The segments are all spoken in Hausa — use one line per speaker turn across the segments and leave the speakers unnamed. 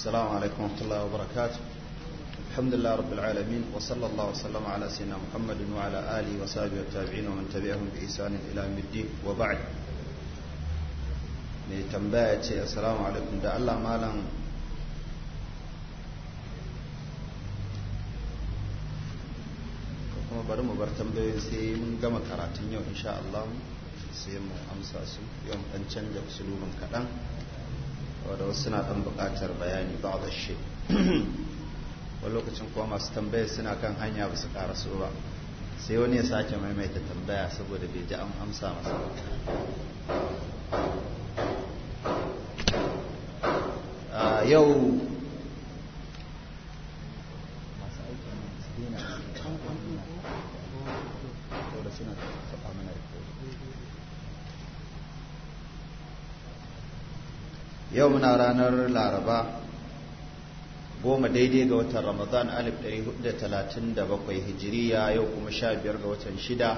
السلام عليكم ورحمة الله وبركاته الحمد لله رب العالمين وصلى الله وسلم على سيدنا محمد وعلى آله وصحبه والتابعين ومن تبعهم بإحسان إلى يوم الدين وبعد mai tambaya ce assalamu alaikum da Allah malam kuma bari mu bar tambayoyin sai mun gama karatun yau insha Allah sai mu amsa su yau dan canja usulun kaɗan wadda wasu suna ɗan buƙatar bayani ba da shi wani lokacin kuma masu tambaya suna kan hanya ba su so ba sai wani ya sake maimaita tambaya saboda bai ji an amsa masa ah, yau yau muna ranar laraba goma daidai ga watan ramadan 1437 hijiriya yau kuma 15 ga watan shida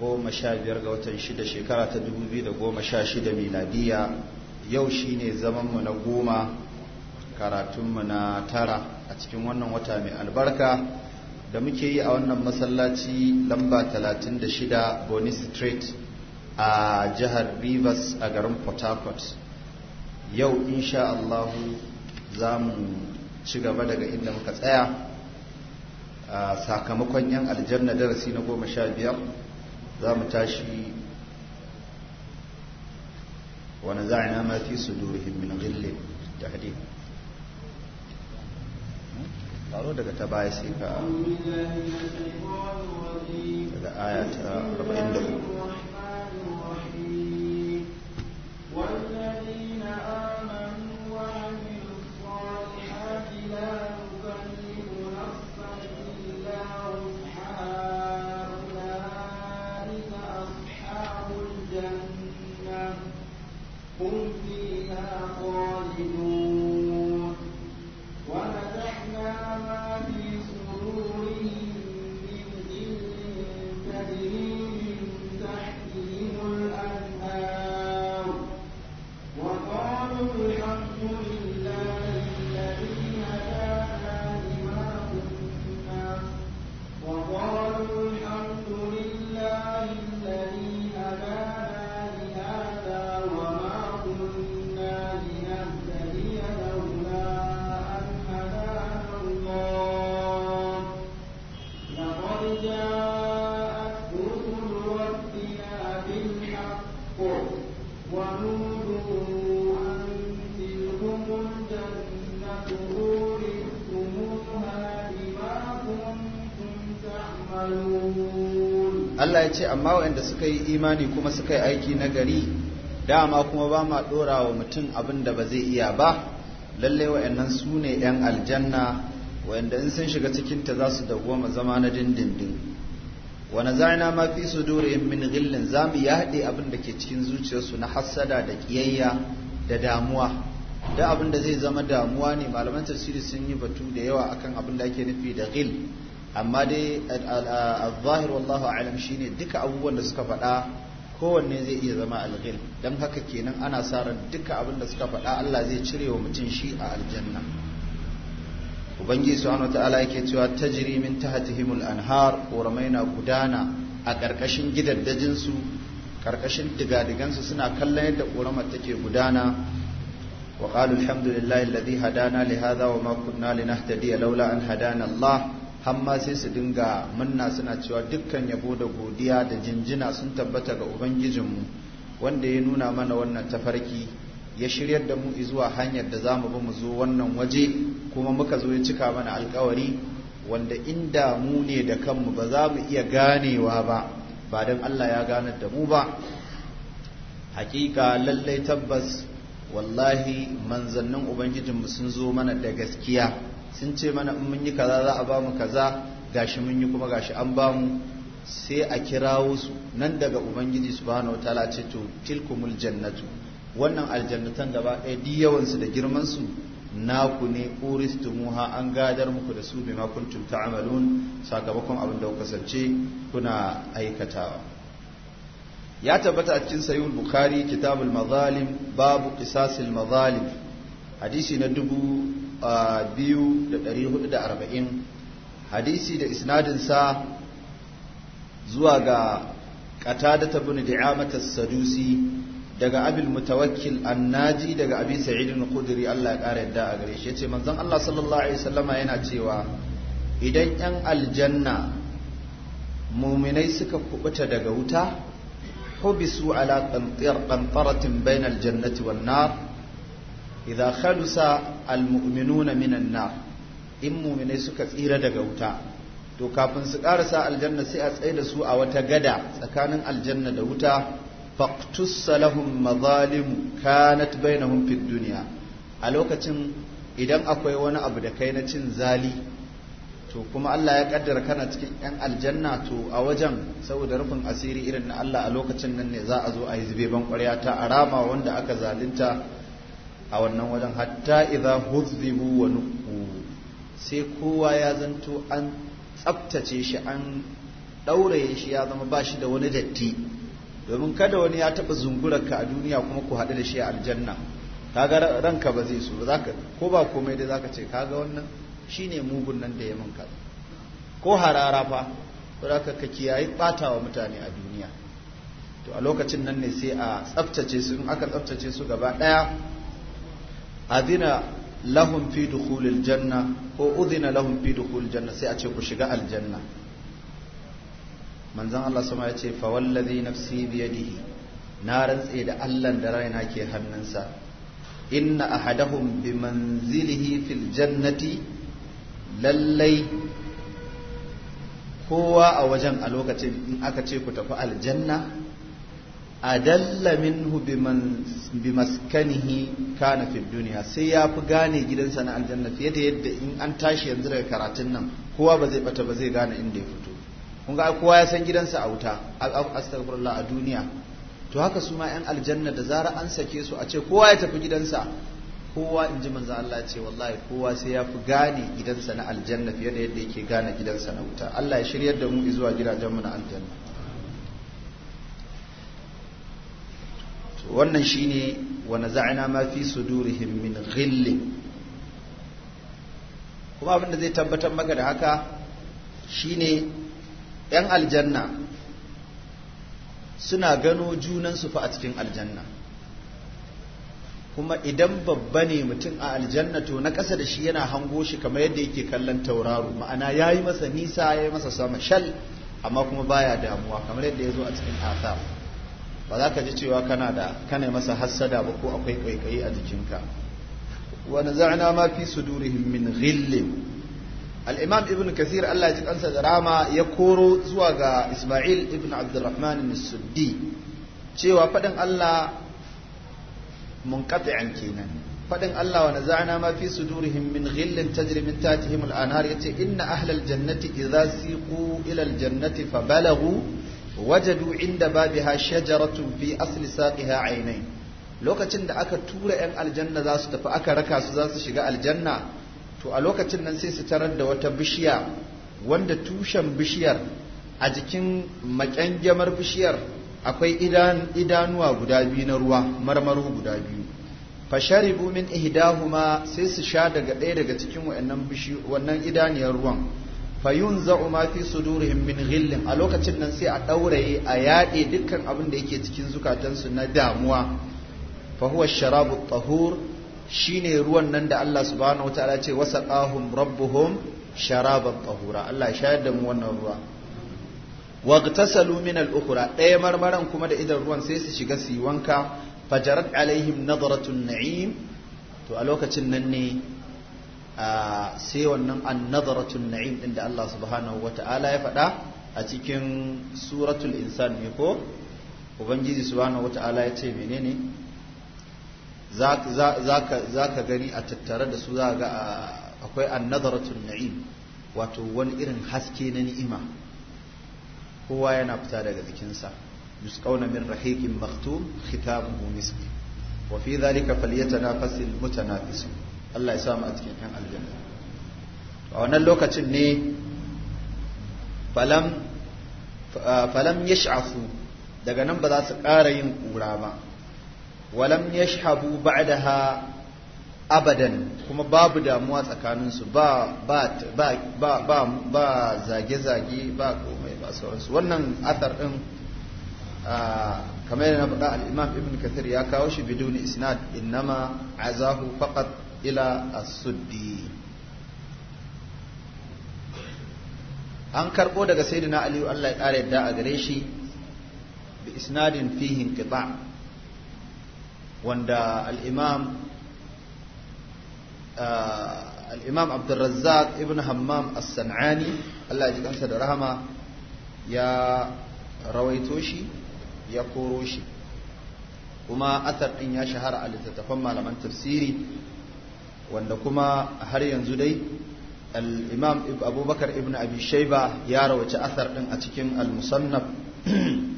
goma sha biyar ga watan shida shekara ta dubu biyu da goma sha shida miladiya yau shine zamanmu na goma karatunmu na tara a cikin wannan wata mai albarka da muke yi a wannan masallaci lamba talatin da shida street a jihar rivers a garin port harcourt yau insha allahu za mu ci gaba daga inda muka tsaya a sakamakon 'yan aljanna darasi na goma sha biyar za mu tashi wani za'ina ma mafi su duruhin min gille da hadi daga ta baya sai ka daga aya ta ce amma waɗanda suka yi imani kuma suka yi aiki na gari dama kuma ba ma ɗora wa mutum abin da ba zai iya ba lallai waɗannan su ne 'yan aljanna waɗanda in sun shiga cikin ta za su ma zama na dindindin wani zaina ma fi dore min za zamu yaɗe abin da ke cikin zuciyarsu na hassada da ƙiyayya, da damuwa da abin da zai zama damuwa ne malaman tafsiri sun yi batu da yawa akan abin da ake nufi da gil amma dai al-zahir wallahu a'lam shine duka abubuwan da suka faɗa kowanne zai iya zama alghil dan haka kenan ana sa ran duka abin da suka faɗa Allah zai cire wa mutum shi a aljanna ubangiji subhanahu wataala yake cewa tajri min al anhar ƙoramai na gudana a karkashin gidaddajin su karkashin digadigansu suna kallon yadda ƙoramar take gudana wa qalu alhamdulillahi alladhi hadana li hadha wa ma kunna linahtadiya laula an hadana Allah hamma sai su dinga manna suna cewa dukkan yabo da godiya da jinjina sun tabbata ga ubangijinmu wanda ya nuna mana wannan tafarki ya shiryar da mu zuwa hanyar da za mu bi mu zo wannan waje kuma muka zo ya cika mana alkawari wanda inda mu ne da kanmu ba za mu iya ganewa ba ba don Allah ya gane da mu ba hakika lallai tabbas wallahi manzannin ubangijinmu sun zo mana da gaskiya sun ce mana in mun yi kaza za a bamu kaza gashi mun yi kuma gashi an bamu sai a kirawo su nan daga ubangiji subhanahu wataala ce to tilkumul jannatu wannan aljannatan gaba ɗaya duk yawan su da girman su naku ne uristumuha an gadar muku da su ma kuntum ta'malun sakamakon abin da kuka kasance kuna aikatawa ya tabbata a cikin sahih bukhari kitabul mazalim babu qisasil mazalim hadisi na dubu 2440 hadisi da isnadinsa zuwa ga qatada bin di'amata sadusi daga abul mutawakkil annaji daga abi sa'id al qudri Allah ya kara yadda a gare shi yace manzon Allah sallallahu alaihi wasallama yana cewa idan yan aljanna muminai suka kubuta daga wuta hubisu ala qantaratin bainal jannati wan nar idza khalusa almu'minuna minan nar in mu'minai suka tsira daga wuta to kafin su karasa aljanna sai a tsaye da su a wata gada tsakanin aljanna da wuta faqtus lahum mazalim kanat bainahum fid dunya a lokacin idan akwai wani abu da kai na cin zali to kuma Allah ya kaddara kana cikin yan aljanna to a wajen saboda rufin asiri irin na Allah a lokacin nan ne za a zo a yi zube ban ƙwarya ta arama wanda aka zalunta a wannan wajen hatta idza huzzibu wa nuku sai kowa ya zanto an tsaftace shi an ɗauraye shi ya zama ba shi da wani datti domin kada wani ya taɓa zungurarka a duniya kuma ku haɗu da shi a aljanna kaga ranka ba zai so ko ba komai dai zaka ce kaga wannan shine mugun nan da ya min kaza ko harara fa saboda ka kiyaye batawa mutane a duniya to a lokacin nan ne sai a tsaftace su in aka tsaftace su gaba ɗaya adina lahum fi dukhulil janna ko udhina lahum fi dukhulil janna sai a ce ku shiga aljanna manzon Allah sama ya ce fa wallazi nafsi bi yadihi na rantse da Allah da raina ke hannunsa inna ahadahum bi manzilihi fil jannati lallai kowa a wajen a lokacin in aka ce ku tafi aljanna adalla minhu bimaskanihi kana fi duniya sai ya fi gane gidansa na aljanna fiye da yadda in an tashi yanzu daga karatun nan kowa ba zai bata ba zai gane inda ya fito kun ga kowa ya san gidansa a wuta astaghfirullah a duniya to haka su ma yan aljanna da zara an sake su a ce kowa ya tafi gidansa kowa in ji manzo Allah ya ce wallahi kowa sai ya fi gane gidansa na aljanna fiye da yadda yake gane gidansa na wuta Allah ya shiryar da mu zuwa gidajenmu na aljanna wannan shine wani za'ina ma fi su sudurihim min ghillin kuma abinda zai tabbatar maka da haka shine yan aljanna suna gano junansu fa a cikin aljanna kuma idan babba ne mutum a aljanna to na ƙasa da shi yana hango shi kamar yadda yake kallon tauraro ma'ana ya yi masa nisa ya yi masa sama shal amma kuma baya damuwa kamar yadda ya zo a cikin asar ba za ka ji cewa kana da kana masa hassada ba ko akwai kwaikwayi a jikinka wa naza'na ma fi sudurihim min ghillin al-imam ibn kathir Allah ya ji kansa da rama ya koro zuwa ga Isma'il ibn Abdurrahman as-Suddi cewa fadin Allah munqati'an kenan fadin Allah wa naza'na ma fi sudurihim min ghillin tajri min tahtihim al-anhar yace inna ahlal jannati idza siqu ila al-jannati fabalagu wajadu inda babiha shajaratun fi asli saqiha ainai lokacin da aka tura yan aljanna za su tafi aka raka su za su shiga aljanna to a lokacin nan sai su tarar da wata bishiya wanda tushen bishiyar a jikin makyangyamar bishiyar akwai idanuwa guda biyu na ruwa marmaro guda biyu fasharibu min ihdahuma sai su sha daga ɗaya daga cikin wannan idaniyar ruwan fayun za'u ma fi sudurihim min ghillin a lokacin nan sai a ɗauraye a yaɗe dukkan abin da yake cikin zukatansu na damuwa fa huwa sharabu tahur shine ruwan nan da Allah subhanahu wataala ce wasaqahum rabbuhum sharaban tahura Allah ya shayar da mu wannan ruwa waqtasalu min al-ukhra ɗaya marmaran kuma da idan ruwan sai su shiga su yi wanka fajarat alaihim nadratun na'im to a lokacin nan ne sai wannan annadaratun na'im din da Allah subhanahu Ta'ala ya faɗa a cikin suratul insan ne ko ubangiji subhanahu Ta'ala ya ce menene za ka gani a tattare da su za ga akwai annadaratun na'im wato wani irin haske na ni'ima kowa yana fita daga jikinsa yusqauna min rahiqin maktum khitabuhu misk wa fi dhalika falyatanafasil mutanafisun Allah ya samu a cikin yan aljanna a wannan lokacin ne falam ya shafu daga nan ba za su ƙara yin ƙura ba walam ya yashhabu ha abadan kuma babu damuwa tsakaninsu ba zage-zage ba komai ba sauransu wannan athar ɗin kamar yana faɗa alimam ibn kathir ya kawo shi biduni isnad innama azahu faqat ila asuddi an karbo daga sayyidina ali Allah ya kare yadda a gare shi bi isnadin fihi inqita wanda al-imam ah, al-imam Abdurrazzaq ibn Hammam as-San'ani Allah ya kansa da rahama ya rawaito shi ya koro shi kuma athar din ya shahara a littattafan malaman tafsiri wanda kuma har yanzu dai al-imam abubakar ibn abi shaiba ya rawace athar din a cikin al-musannaf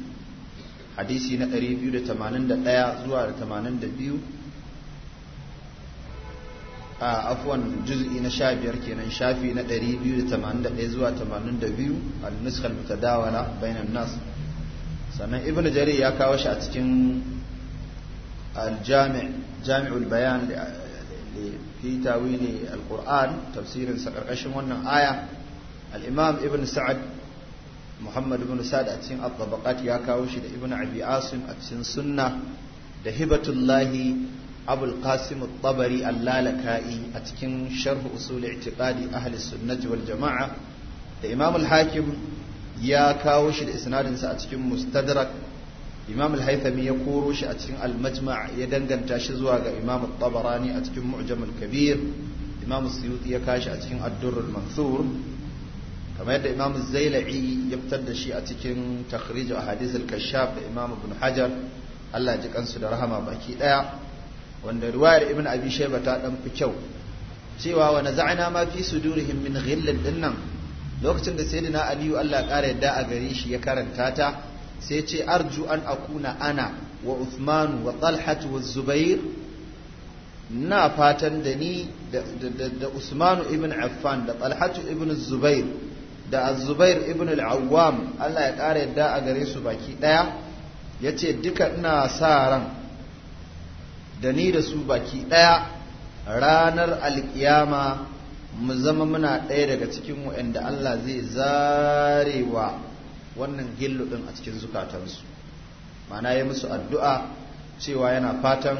hadisi na 281 zuwa 82 a afwan juz'i na 15 kenan shafi na 281 zuwa 82 al-nuskha al-mutadawala bainan nas sannan ibn jarir ya kawo shi a cikin al jami'ul bayan fi tawili alquran tafsirin sa wannan aya al-imam ibn sa'ad muhammad ibn sa'ad a cikin at-tabaqat ya kawo shi da ibn abi a cikin sunna da hibatullahi abul qasim at a cikin sharhu usul i'tiqadi ahli sunnati wal jama'a da imamul hakim ya kawo shi da isnadin a cikin mustadrak imam al-haythami ya koro shi a cikin al-majma' ya danganta shi zuwa ga imam at-tabarani a cikin mu'jam al-kabir imam suyuti ya kashi a cikin ad-durr al-mansur kamar yadda imam zailai ya fitar da shi a cikin takhrij ahadith al-kashaf da imam ibn hajar Allah ji kansu da rahama baki daya wanda riwayar ibn abi shayba ta dan fi kyau cewa wa naza'na ma fi sudurihim min ghillin dinnan lokacin da sayyidina aliyu Allah ƙara yadda a gare shi ya karanta ta sai ce arju an akuna ana wa Usmanu wa Talhatu wa Zubair na fatan da ni da Usmanu ibn Affan da Talhatu ibn Zubair da Zubair ibn al Allah ya ƙara yadda a gare su baki ɗaya ya ce duka ina sa ran da ni da su baki ɗaya ranar alƙiyama mu zama muna ɗaya daga cikin waɗanda Allah zai zarewa wannan gillu ɗin a cikin zukatansu ma'ana ya musu addu'a cewa yana fatan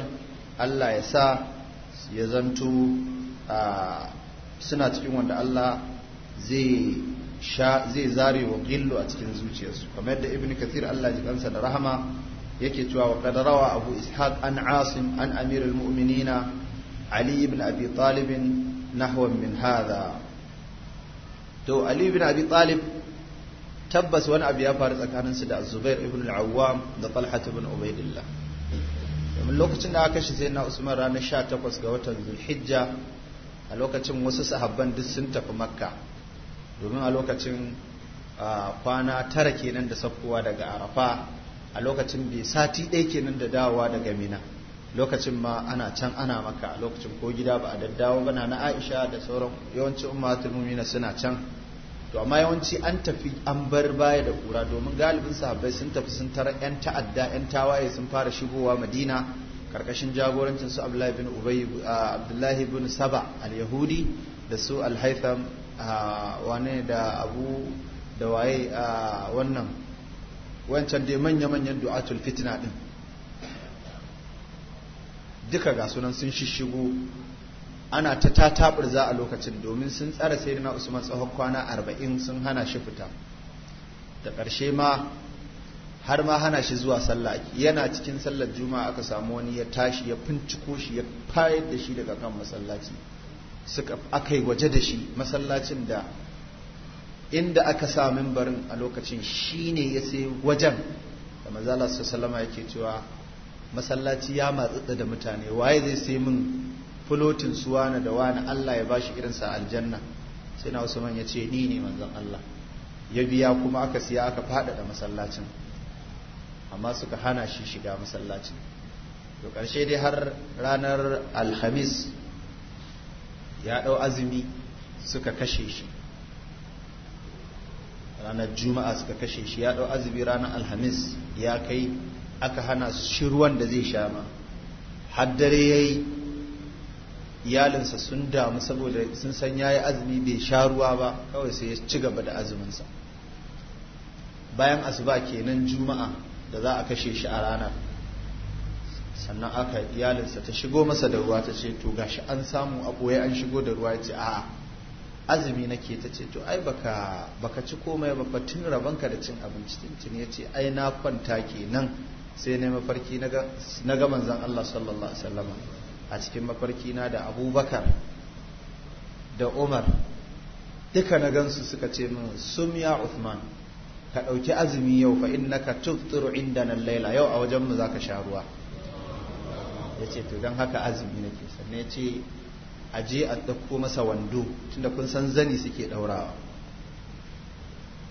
Allah ya sa ya a suna cikin wanda Allah zai zare wa gillu a cikin zuciyarsu kamar yadda ibn kathir Allah ji kansa da rahama yake cewa wa rawa abu ishaq an asim an amirul mu'minina ali ibn abi talib nahwan min hadha to ali ibn abi talib tabbas wani abu ya faru su da zubair ibn al-awwam da talha ibn ubaidillah domin lokacin da aka shi sai na usman ranar 18 ga watan zulhijja a lokacin wasu sahabban duk sun tafi makka domin a lokacin kwana tara kenan da sakkowa daga arafa a lokacin bai sati ɗaya kenan da dawowa daga mina lokacin ma ana can ana maka a lokacin ko gida ba a daddawo bana na aisha da sauran yawancin ummatul suna can to amma yawanci an tafi an bar baya da kura domin galibin sahabbai sun tafi sun tara yan ta'adda yan tawaye sun fara shigowa madina karkashin jagorancin su abdullahi bin ubay abdullahi bin saba al-yahudi da su al-haytham wane da abu da waye wannan wancan dai manya manyan du'atul fitna din duka ga sunan sun shishigo ana ta tataburza a lokacin domin sun tsara na usman tsawon kwana arba'in sun hana shi fita da ƙarshe ma har ma hana shi zuwa sallah yana cikin sallar juma'a aka samu wani ya tashi ya finciko shi ya fayar da shi daga kan masallaci suka aka yi waje da shi masallacin da inda aka sa mimbarin a lokacin shi ne ya sai wajen da manzala sallama yake cewa masallaci ya matsatsa da mutane waye zai sai min fulotin suwana da wani Allah ya bashi irinsa aljanna sai na Usman ya ce ni ne manzon Allah ya biya kuma aka siya aka faɗaɗa masallacin amma suka hana shi shiga masallacin to karshe dai har ranar alhamis ya dau azumi suka kashe shi ranar juma'a suka kashe shi ya dau azumi ranar alhamis ya kai aka hana shi ruwan da zai sha ma har dare ya iyalinsa sun damu saboda sun san ya yi azumi bai sha ruwa ba kawai sai ya ci gaba da azuminsa bayan asuba kenan juma'a da za a kashe shi a ranar sannan aka iyalinsa ta shigo masa da ruwa ta ce to gashi an samu a ɓoye an shigo da ruwa ya ce a'a azumi nake ta ce to ai baka baka ci komai ba fa tun rabanka da cin abinci tun ya ce ai na kwanta kenan sai na mafarki na ga manzan Allah sallallahu alaihi wasallam a cikin mafarkina da abubakar da umar duka na gansu suka ce min sum ya uthman ka ɗauki azumi yau fa innaka tuftiru inda nan laila yau a wajenmu za ka sha ruwa ya ce to don haka azumi nake sannan ya ce a je a ɗauko masa wando tunda kun san zani suke ɗaurawa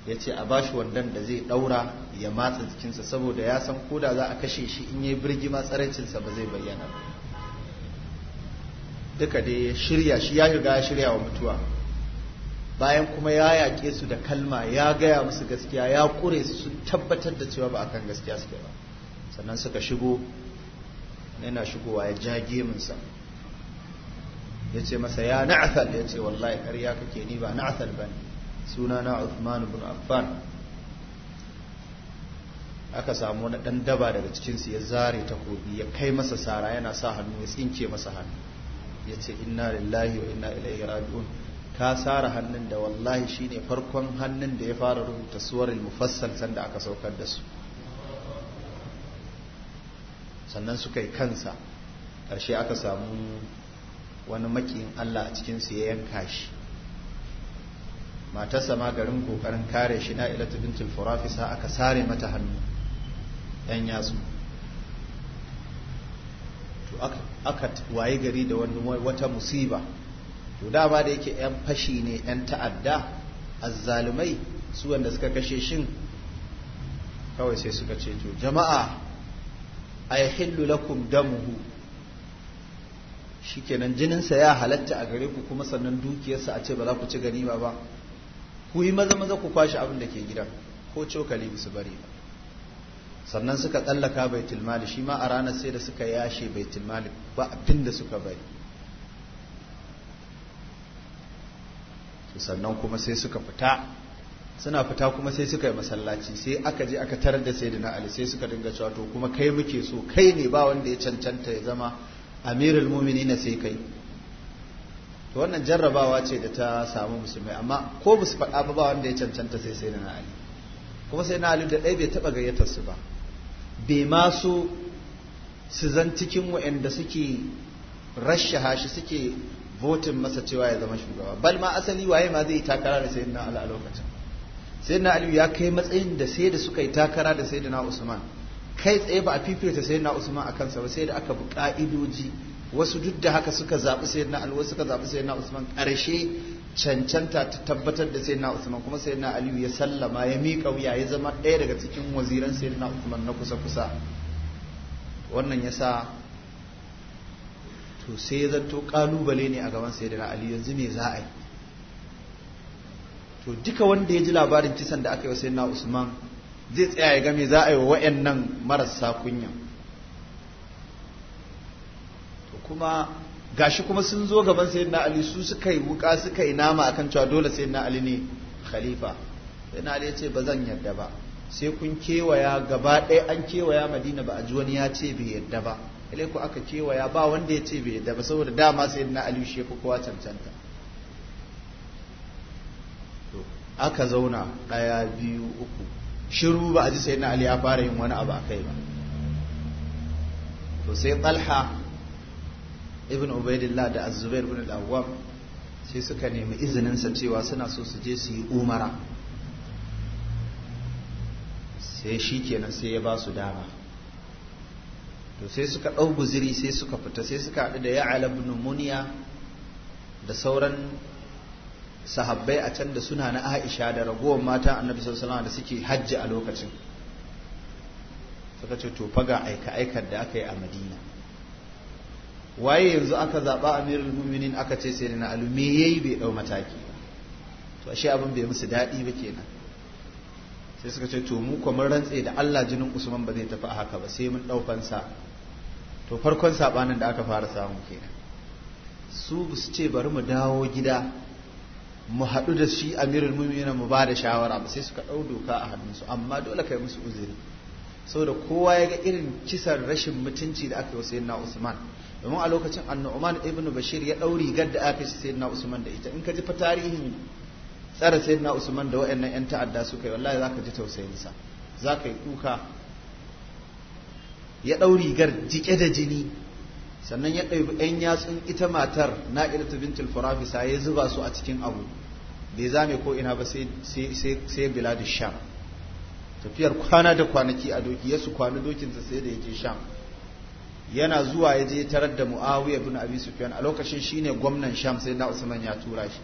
ya ce a bashi wandon da zai ɗaura ya matsa jikinsa saboda ya san koda za a kashe shi in yi birgima tsarancinsa ba zai bayyana ba duka dai ya shirya shi ya riga shirya wa mutuwa bayan kuma ya yaƙe su da kalma ya gaya musu gaskiya ya ƙure su tabbatar da cewa ba a kan gaskiya suke ba sannan suka shigo yana shigowa ya ja geminsa ya ce masa ya na'athal ya ce wallahi ƙarya kake ni ba na'athal ba ne suna na Uthman ibn Affan aka samu na ɗan daba daga cikinsu ya zare takobi ya kai masa sara yana sa hannu ya tsinke masa hannu ya ce inna lillahi wa inna ilaihi raji'un ka sara hannun da wallahi shine farkon hannun da ya fara rubuta mu mufassal sanda aka saukar da su sannan suka yi kansa ƙarshe aka samu wani makiyin Allah a cikinsu ya yanka shi matarsa ma garin kokarin kare shi na ilatu bintul furafisa aka sare mata hannu ɗan yatsu aka waye gari da wani wata musiba to dama da yake 'yan fashi ne 'yan ta'adda azzalumai su wanda suka kashe shin kawai sai suka ce to jama'a a yahillu lakum damuhu shikenan jininsa ya halatta a gare ku kuma sannan dukiyarsa a ce ba za ku ci ganima ba ku yi maza maza ku kwashe abin da ke gidan ko cokali su bari ba sannan suka tsallaka baitul mali shi ma a ranar sai da suka yashe baitul mali ba abin da suka bari sannan kuma sai suka fita suna fita kuma sai suka yi masallaci sai aka je aka tarar da sayyidina ali sai suka dinga cewa to kuma kai muke so kai ne ba wanda ya cancanta ya zama amirul na sai kai to wannan jarrabawa ce da ta samu musulmai amma ko ba su faɗa ba ba wanda ya cancanta sai sayyidina ali kuma sai na ali da ɗaya bai taɓa gayyatar su ba bai ma so su zan cikin waɗanda suke rashaha hashi suke votin masa cewa ya zama shugaba bal ma asali waye ma zai takara da sayyidina Ali a lokacin sayyidina Ali ya kai matsayin da sai da suka yi takara da sayyidina Usman kai tsaye ba a fifita sayyidina Usman a kansa ba sai da aka bi ka'idoji wasu duk da haka suka zaɓi sayyidina Ali wasu suka zaɓi sayyidina Usman ƙarshe cancanta ta tabbatar da na Usman kuma na Aliyu ya sallama ya miƙa wuya ya zama ɗaya daga cikin waziran na Usman na kusa kusa wannan ya sa to sai ya zanto kalubale ne a gaban na Aliyu yanzu me za a yi to duka wanda ya ji labarin kisan da aka yi wa na Usman zai tsaya ya ga me za a yi wa wayannan marasa kunya to kuma gashi kuma sun zo gaban sayyidina ali su suka yi wuka suka yi nama akan cewa dole sayyidina ali ne khalifa sayyidina ali ya ce ba zan yarda ba sai kun kewaya gaba ɗaya an kewaya madina ba a ji wani ya ce bai yarda ba ilai ku aka kewaya ba wanda ya ce bai yarda ba saboda dama sayyidina ali shi fi kowa cancanta aka zauna ɗaya biyu uku shiru ba a ji sayyidina ali ya fara yin wani abu a kai ba to sai talha ibn ubaidillah da az-zubair ibn al-awwam sai suka nemi izinin sa cewa suna so su je su yi umara sai shi kenan sai ya ba su dama to sai suka ɗau guziri sai suka fita sai suka haɗu da ya'ala ibn muniya da sauran sahabbai a can da suna na Aisha da ragowar mata annabi sallallahu da suke hajji a lokacin suka ce to faga aika aikar da aka yi a Madina waye yanzu aka zaɓa amirul muminin aka ce sai na alu yayi bai ɗau mataki to ashe abin bai musu daɗi ba kenan sai suka ce to mu kuma rantse da Allah jinin Usman ba zai tafi a haka ba sai mun ɗau fansa to farkon sabanin da aka fara samu kenan su su ce bari mu dawo gida mu haɗu da shi amirul muminin mu ba da shawara ba sai suka ɗau doka a hannunsu amma dole kai musu uzuri saboda kowa ya ga irin kisan rashin mutunci da aka yi wa sayyidina Usman domin a lokacin annu'man ibn bashir ya dauri rigar da aka shi sayyidina usman da ita in ka ji fa tarihin tsara sayyidina usman da waɗannan yan ta'adda suka yi wallahi zaka ji tausayin sa zaka yi kuka ya ɗau gar jike da jini sannan ya ɗauki yan yatsun ita matar ta bintul sai ya zuba su a cikin abu bai zame ko ina ba sai sai biladu sham tafiyar kwana da kwanaki a doki ya su kwana dokinsa sai da yake sham yana zuwa ya je tarar da mu'awiyar bin abi sufyan a lokacin shine gwamnan sham sai na usman ya tura shi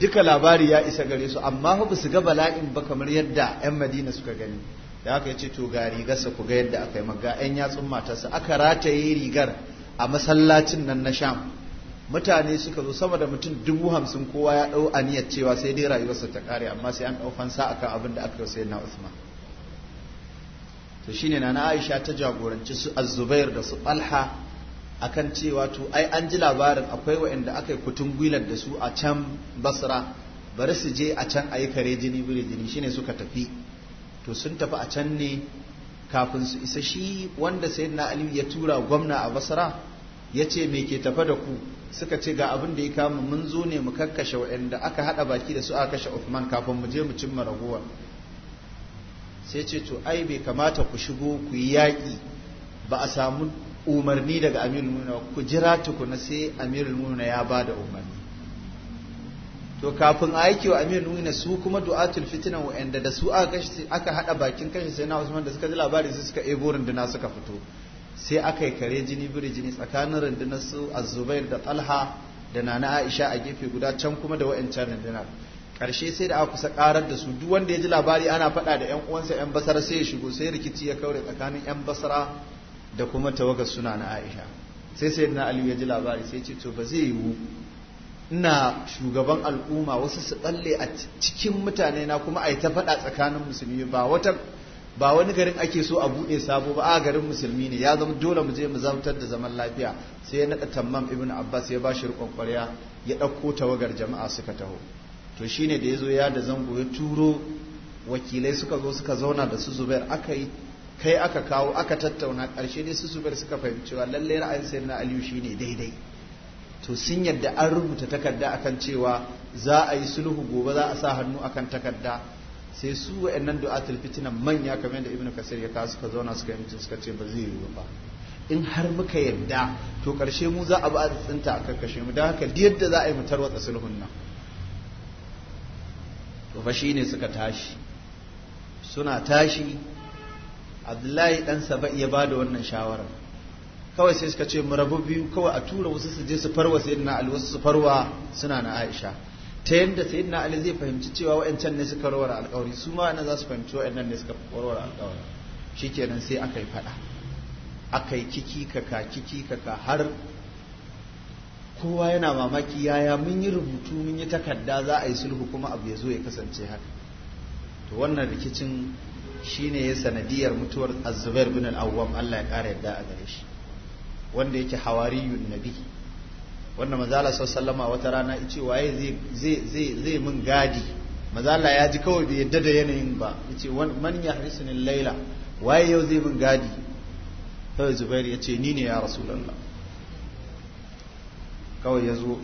duka labari ya isa gare su amma ba su ga bala'in ba kamar yadda yan madina suka gani da aka yace to ga rigarsa ku ga yadda aka yi maga yan yatsun matarsa aka rataye rigar a masallacin nan na sham mutane suka zo sama da mutum dubu hamsin kowa ya ɗau aniyar cewa sai dai rayuwarsa ta ƙare amma sai an ɗau fansa akan abin da aka yi sai na usman to shine na Aisha ta jagoranci su Az-Zubair da su Talha akan cewa to ai an ji labarin akwai waɗanda aka yi kutun gwilar da su a can Basra bari su je a can ayi kare jini biri jini shine suka tafi to sun tafi a can ne kafin su isa shi wanda sayyidina Ali ya tura gwamna a Basra yace ce me ke tafa da ku suka ce ga abin da ya kama mun zo ne mu kakkashe waɗanda aka haɗa baki da su aka kashe Uthman kafin mu je mu cimma raguwar sai ce to ai bai kamata ku shigo ku yi yaƙi ba a samu umarni daga amirul muna ku jira tukuna sai amirul muna ya ba da umarni to kafin a aiki wa amirul muna su kuma du'atul fitina wa'anda da su aka kashi bakin kashi sai na usman da suka ji labarin su suka ebo runduna suka fito sai aka yi kare jini biri jini tsakanin rundunar su azubair da talha da nana aisha a gefe guda can kuma da wa'ancan rundunar karshe sai da aka kusa karar da su duk wanda ya ji labari ana faɗa da 'yan uwansa 'yan basara sai ya shigo sai rikici ya kaure tsakanin 'yan basara da kuma tawagar suna na aisha sai sai na aliyu ya ji labari sai ce to ba zai yiwu ina shugaban al'umma wasu su balle a cikin mutane na kuma a yi ta faɗa tsakanin musulmi ba wata ba wani garin ake so a buɗe sabo ba a garin musulmi ne ya zama dole mu je mu zartar da zaman lafiya sai ya naɗa tammam ibn abbas ya ba shi riƙon ya ɗauko tawagar jama'a suka taho to shine da ya zo ya da zango ya turo wakilai suka zo suka zauna da su zubair aka yi kai aka kawo aka tattauna ƙarshe dai su zubair suka fahimci cewa lallai ra'ayin na aliyu shine daidai to sun yadda an rubuta takarda akan cewa za a yi sulhu gobe za a sa hannu akan takarda sai su wa'annan du'atul fitina manya kamar da ibnu kasir ya kawo suka zauna suka yi suka ce ba zai yi ba in har muka yadda to karshe mu za a ba a tsinta a karkashe mu don haka yadda za a yi mu tarwatsa sulhun nan to fa shine suka tashi suna tashi abdullahi dan saba'i ya bada wannan shawarar kawai sai suka ce mu rabu biyu kawai a tura wasu su je su farwa sayyidina ali wasu su farwa suna na aisha ta yadda sayyidina ali zai fahimci cewa wayancan ne suka warware alƙawari su ma nan za su fahimci wayannan ne suka warware alƙawari shikenan sai aka yi fada aka yi kiki kaka kiki kaka har kowa yana mamaki yaya mun yi rubutu mun yi takarda za a yi sulhu kuma abu ya zo ya kasance haka to wannan rikicin shine ya sanadiyar mutuwar azubair bin al-awwam Allah ya kara yadda a gare shi wanda yake hawariyun nabi wanda mazala sallama wata rana ce waye zai zai mun gadi mazala ya ji kawai bai yadda da yanayin ba ce man yahrisuni laila waye yau zai mun gadi sai zubair ce ni ne ya rasulullah kawai ya zo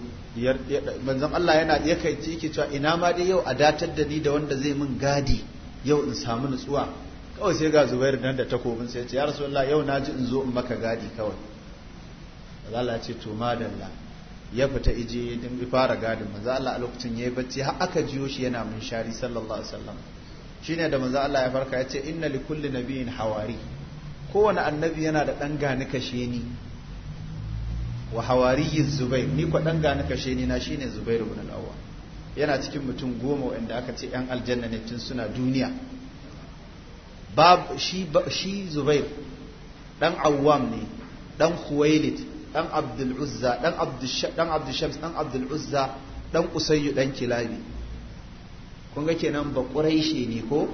Allah yana ya kai ciki cewa ina ma dai yau a datar da ni da wanda zai mun gadi yau in samu nutsuwa kawai sai ga Zubair nan da takobin sai ya ce ya Rasulullah yau na ji in zo in maka gadi kawai Allah ya ce to madalla ya fita ije din fara gadin manzo Allah a lokacin yayi bacci har aka jiyo shi yana munshari sallallahu alaihi wasallam shine da manzo Allah ya farka ya ce inna likulli nabiyyin hawari kowane annabi yana da dan gani kashe ni wa hawariyi zubair ni kwaɗan na kashe ni na shine zubairu ibn al awwa yana cikin mutum goma wanda aka ce yan aljanna ne tun suna duniya bab shi shi zubair dan awwam ne dan khuwailid dan abdul uzza dan abdul dan abdul shams dan abdul uzza dan usayyu dan kilabi kun ga kenan ba quraishi ne ko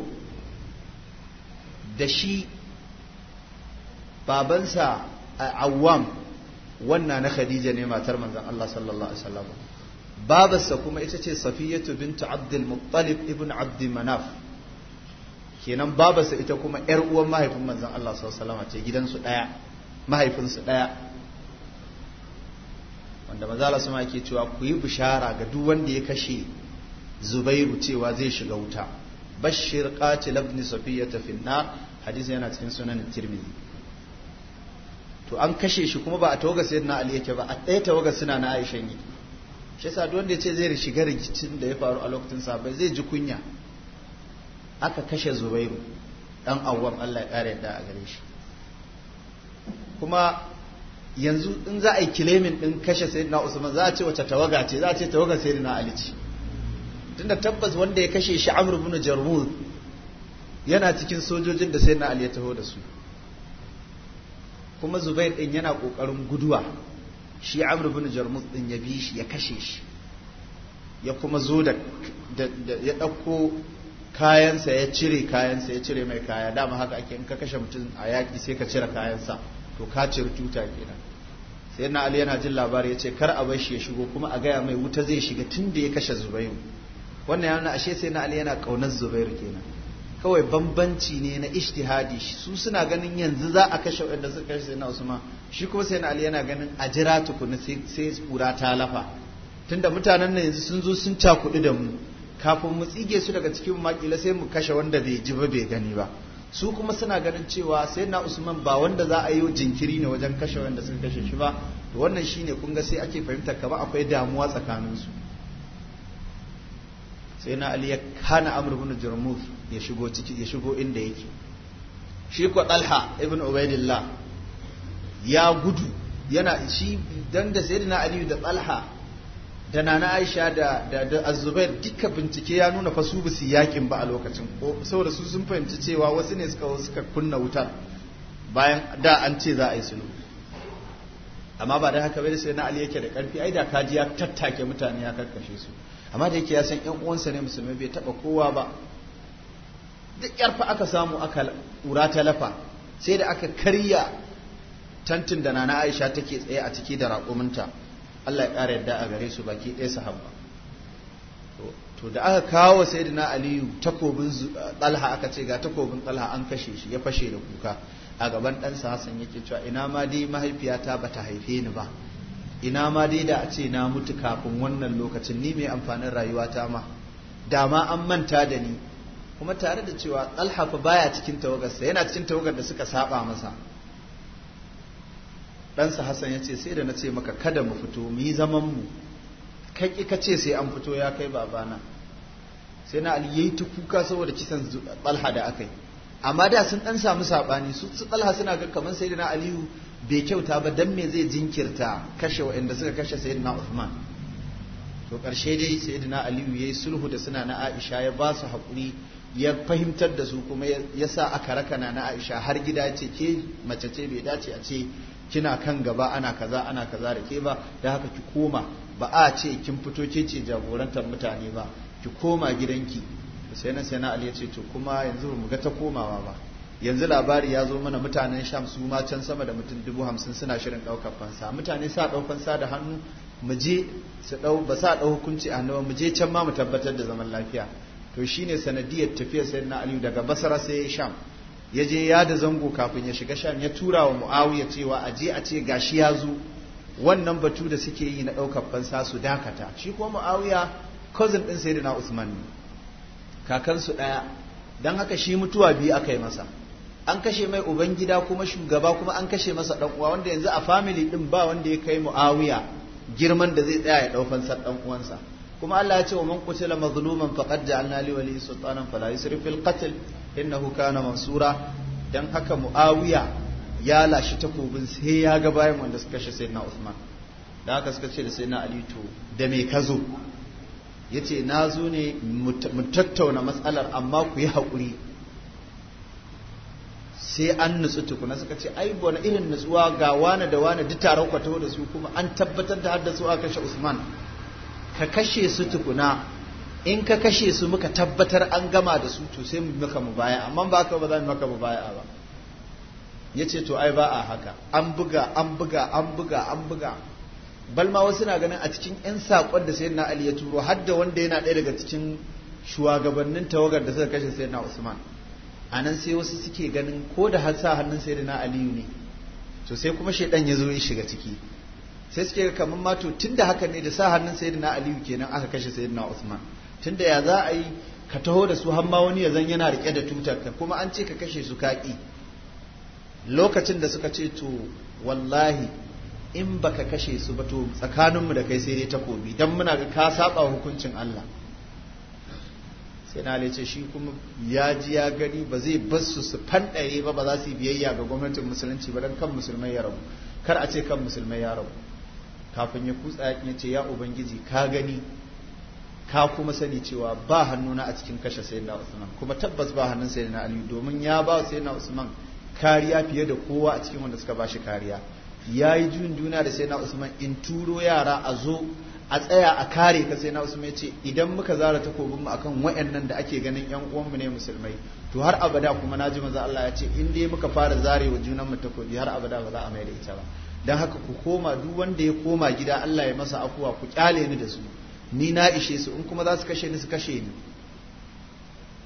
da shi babansa awwam wannan na khadija ne matar manzon Allah sallallahu alaihi wasallam babarsa kuma ita ce safiyatu bintu abdul muttalib ibn abd manaf kenan babarsa ita kuma yar uwan mahaifin manzon Allah sallallahu alaihi wasallam ce gidansu daya mahaifinsu daya wanda manzo Allah sama yake cewa ku yi bishara ga duk wanda ya kashe Zubairu cewa zai shiga wuta bashir qatil ibn safiyata fi nar hadisi yana cikin sunanin Tirmidhi to an kashe shi kuma ba a tawaga sayyidina ali yake ba a ɗaya tawaga suna na aisha ne shi yasa duk wanda ya zai shiga rigicin da ya faru a lokacin sahabbai zai ji kunya aka kashe zubairu dan awwam Allah ya kare yadda a gare shi kuma yanzu in za a yi kilemin din kashe sayyidina usman za a ce wace tawaga ce za a ce tawaga sayyidina ali ce tunda tabbas wanda ya kashe shi amr ibn jarmud yana cikin sojojin da sayyidina ali ya taho da su kuma zubair din yana kokarin guduwa shi amr bin jarmus din ya bi shi ya kashe shi ya kuma zo da ya ɗauko kayansa ya cire kayansa ya cire mai kaya dama haka ake in ka kashe mutum a yaki sai ka cire kayansa to ka cire tuta kenan sai na ali yana jin labari ya ce kar a bar shi ya shigo kuma a gaya mai wuta zai shiga tun da ya kashe zubairu wannan ya ashe sai na ali yana kaunar zubairu kenan kawai bambanci ne na ishtihadi su suna ganin yanzu za a kashe waɗanda suka kashe na usman shi kuma sai ali yana ganin a jira tukuna sai kura ta lafa tunda mutanen nan yanzu sun zo sun cakudu da mu kafin mu tsige su daga cikin makila sai mu kashe wanda bai ji ba bai gani ba su kuma suna ganin cewa sai na usman ba wanda za a yi jinkiri ne wajen kashe wanda suka kashe shi ba to wannan shine kun ga sai ake fahimtar ba akwai damuwa tsakaninsu sai na ali ya kana amr ibn ya shigo ciki ya shigo inda yake shi ko Talha ibn Ubaidillah ya gudu yana shi dan da Sayyidina Ali da Talha da Nana Aisha da da, az duka bincike ya nuna fa su bisu yakin ba a lokacin ko saboda su sun fahimci cewa wasu ne suka suka kunna wutar bayan da an ce za a yi sulhu amma ba da haka bai sai na Ali yake da karfi ai da kaji ya tattake mutane ya karkashe su amma da yake ya san ƴan uwansa ne musulmai bai taba kowa ba duk yarfa aka samu aka ƙura ta lafa sai da aka karya tantin da nana aisha take tsaye a ciki da raƙuminta allah ya ƙara yadda a gare su baki ɗaya sahabba to da aka kawo sai da na aliyu takobin ɗalha aka ce ga takobin ɗalha an kashe shi ya fashe da kuka a gaban ɗansa hassan yake cewa ina ma dai mahaifiyata ba ta haife ni ba ina ma dai da a ce na mutu kafin wannan lokacin ni mai amfanin rayuwata ma da ma an manta da ni kuma tare da cewa talha fa baya cikin tawagarsa yana cikin tawagar da suka saba masa ɗansa hassan ya ce sai da na ce maka kada mu fito mu yi zaman mu kai ka ce sai an fito ya kai babana sai na ali yayi ta kuka saboda kisan ɗalha da akai. amma da sun ɗan samu sabani su ɗalha suna ga kamar sai na aliyu bai kyauta ba dan me zai jinkirta kashe waɗanda suka kashe sayyidina Uthman to karshe dai sayyidina aliyu yayi sulhu da suna na Aisha ya ba su haƙuri ya fahimtar da su kuma ya sa aka rakana na Aisha har gida ce ke mace ce bai dace a ce kina kan gaba ana kaza ana kaza da ke ba da haka ki koma ba a ce kin fito ke ce jagorantar mutane ba ki koma gidanki sai na sai na Ali ya ce to kuma yanzu mu ga ta komawa ba yanzu labari ya zo mana mutanen Sham su ma can sama da mutum dubu hamsin suna shirin ɗaukar fansa mutane sa ɗau fansa da hannu mu je su ɗau ba sa ɗau hukunci a hannu mu je can ma mu tabbatar da zaman lafiya to shi ne sanadiyar tafiyar na Aliyu daga basara sai sham ya je ya da zango kafin ya shiga sham ya tura wa muawiya cewa a je a ce gashi ya zo wannan batu da suke yi na ɗaukar fansa su dakata shi ko muawiya cousin ɗin na usman ne kakansu ɗaya don haka shi mutuwa biyu aka yi masa an kashe mai ubangida kuma shugaba kuma an kashe masa ɗan uwa wanda yanzu a family ɗin ba wanda ya kai muawiya girman da zai tsaya ya ɗau fansar ɗan uwansa kuma Allah ya ce wa man qutila mazluman faqad ja'alna li walihi sultanan fala yusrif fil qatl innahu kana mansura dan haka Muawiya ya lashi takobin sai ya ga bayan wanda suka kashe sayyidina Usman da haka suka ce da sayyidina Ali to da me ka yace na zo ne mu tattauna matsalar amma ku yi haƙuri sai an nutsu tukuna suka ce ai wani irin nutsuwa ga wane da wane duk taron da su kuma an tabbatar da haddasu a kashe Usman ka kashe su tukuna in ka kashe su muka tabbatar an gama da su to sai mu maka mu baya amma ba ka ba za mu maka mu baya ba yace to ai ba a haka an buga an buga an buga an buga balma wasu na ganin a cikin yan sakon da sayyidina Ali ya turo har da wanda yana ɗaya daga cikin shugabannin tawagar da suka kashe sayyidina Usman a nan sai wasu suke ganin ko da har sa hannun sayyidina Aliyu ne to sai kuma shaidan ya zo ya shiga ciki sai suke kamar mato tun da haka ne da sa hannun sayyidina aliyu kenan aka kashe sayyidina usman tun da ya za a yi ka taho da su hamma wani ya zan yana rike da tutar ka kuma an ce ka kashe su kaki lokacin da suka ce to wallahi in baka kashe su ba to tsakaninmu da kai sai dai takobi dan muna ga ka saba hukuncin Allah sai na ce shi kuma ya ji ya gani ba zai bar su su ba ba za su yi biyayya ga gwamnatin musulunci ba dan kan musulmai ya rabu kar a ce kan musulmai ya rabu kafin ya kutsa ya ce ya ubangiji ka gani ka kuma sani cewa ba hannuna a cikin kashe na usman kuma tabbas ba hannun na aliyu domin ya ba na usman kariya fiye da kowa a cikin wanda suka ba shi kariya ya yi juyin juna da saina usman in turo yara a zo a tsaya a kare ka na usman ya ce idan muka zara takobin mu akan wayannan da ake ganin yan uwanmu ne musulmai to har abada kuma ji maza Allah ya ce in dai muka fara zarewa junan mu takobi har abada ba za a mai da ita ba don haka ku koma duk wanda ya koma gida Allah ya masa afuwa ku kyale ni da su ni na ishe su in kuma za su kashe ni su kashe ni